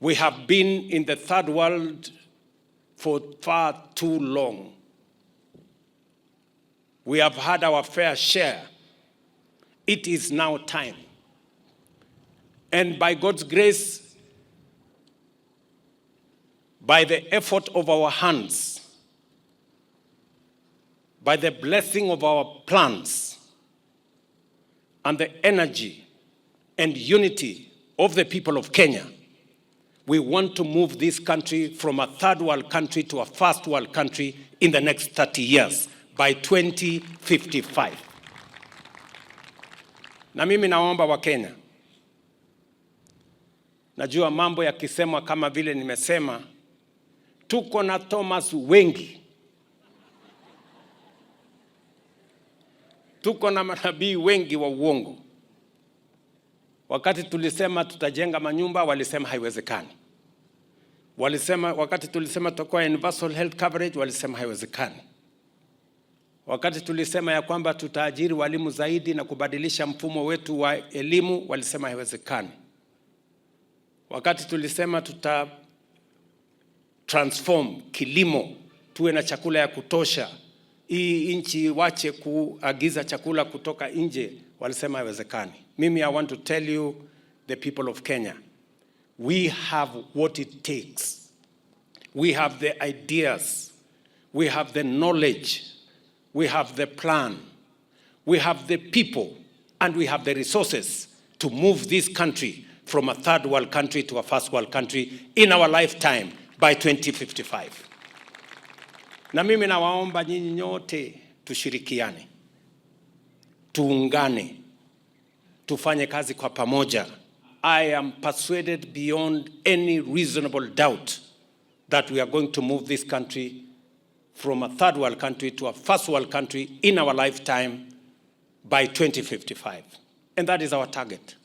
We have been in the third world for far too long. We have had our fair share. It is now time. And by God's grace, by the effort of our hands, by the blessing of our plans, and the energy and unity of the people of Kenya, we want to move this country from a third world country to a first world country in the next 30 years by 2055. Na mimi naomba kenya najua mambo yakisemwa kama vile nimesema, tuko na Thomas wengi, tuko na manabii wengi wa uongo. Wakati tulisema tutajenga manyumba, walisema haiwezekani. Walisema wakati tulisema tutakuwa universal health coverage, walisema haiwezekani. Wakati tulisema ya kwamba tutaajiri walimu zaidi na kubadilisha mfumo wetu wa elimu, walisema haiwezekani. Wakati tulisema tuta transform kilimo tuwe na chakula ya kutosha, hii nchi wache kuagiza chakula kutoka nje, walisema haiwezekani. Mimi I want to tell you the people of Kenya we have what it takes We have the ideas. We have the knowledge. We have the plan. We have the people and we have the resources to move this country from a third world country to a first world country in our lifetime by 2055. Na mimi nawaomba nyinyi nyote tushirikiane, tuungane, tufanye kazi kwa pamoja. I am persuaded beyond any reasonable doubt that we are going to move this country from a third world country to a first world country in our lifetime by 2055. And that is our target.